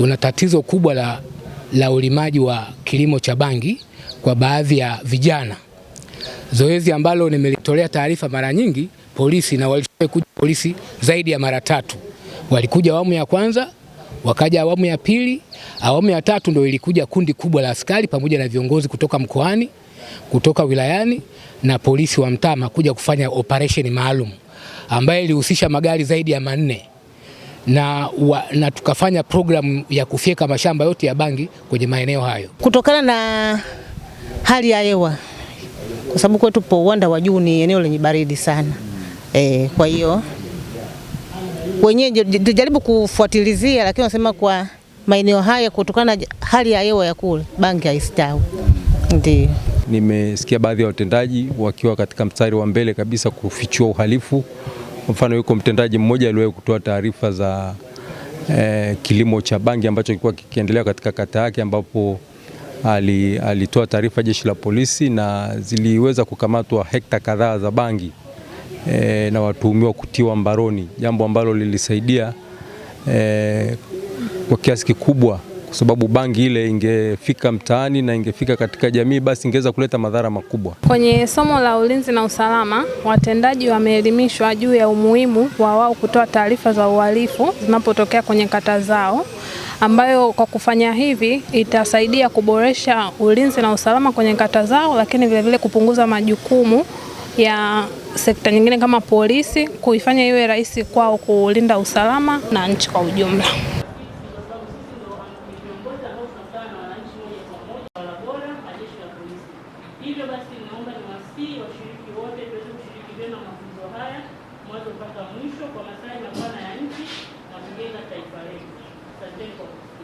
tuna tatizo kubwa la, la ulimaji wa kilimo cha bangi kwa baadhi ya vijana, zoezi ambalo nimelitolea taarifa mara nyingi polisi, na walikuja polisi zaidi ya mara tatu. Walikuja awamu ya kwanza, wakaja awamu ya pili, awamu ya tatu ndio ilikuja kundi kubwa la askari pamoja na viongozi kutoka mkoani, kutoka wilayani na polisi wa mtama kuja kufanya operation maalum ambayo ilihusisha magari zaidi ya manne na, wa, na tukafanya programu ya kufyeka mashamba yote ya bangi kwenye maeneo hayo kutokana na hali ya hewa, kwa sababu kwetu po uwanda wa juu ni eneo lenye baridi sana e, kwa hiyo wenyewe tujaribu kufuatilizia, lakini wanasema kwa maeneo haya kutokana na hali ya hewa ya kule bangi haistawi. Ndio nimesikia baadhi ya watendaji wakiwa katika mstari wa mbele kabisa kufichua uhalifu Mfano, yuko mtendaji mmoja aliwahi kutoa taarifa za eh, kilimo cha bangi ambacho kilikuwa kikiendelea katika kata yake, ambapo alitoa taarifa jeshi la polisi na ziliweza kukamatwa hekta kadhaa za bangi eh, na watuhumiwa kutiwa mbaroni, jambo ambalo lilisaidia eh, kwa kiasi kikubwa kwa sababu bangi ile ingefika mtaani na ingefika katika jamii, basi ingeweza kuleta madhara makubwa. Kwenye somo la ulinzi na usalama, watendaji wameelimishwa juu ya umuhimu wa wao kutoa taarifa za uhalifu zinapotokea kwenye kata zao, ambayo kwa kufanya hivi itasaidia kuboresha ulinzi na usalama kwenye kata zao, lakini vilevile vile kupunguza majukumu ya sekta nyingine kama polisi, kuifanya iwe rahisi kwao kulinda usalama na nchi kwa ujumla. Hivyo basi, naomba wasii washiriki wote tuweze kushiriki vyema mafunzo haya mwanzo mpaka mwisho kwa ya mapana ya nchi na kujenga taifa letu. Asanteni kwa kusikiliza.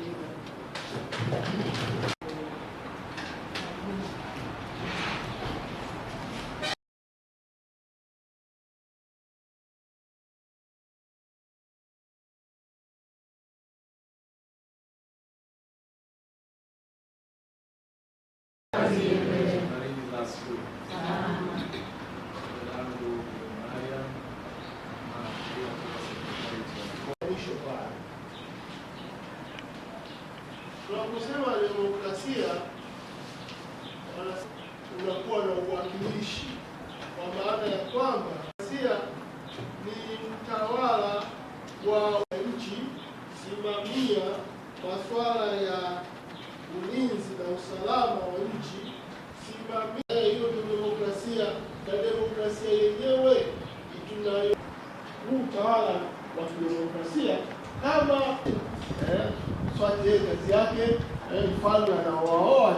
Tunaposema demokrasia unakuwa na uwakilishi, kwa maana ya kwamba demokrasia ni mtawala wa nchi simamia masuala ya ulinzi na usalama wa nchi, simamia hiyo demokrasia, na demokrasia yenyewe itunayo huu utawala wa kidemokrasia chache kazi yake eh, mfalme anaoaoa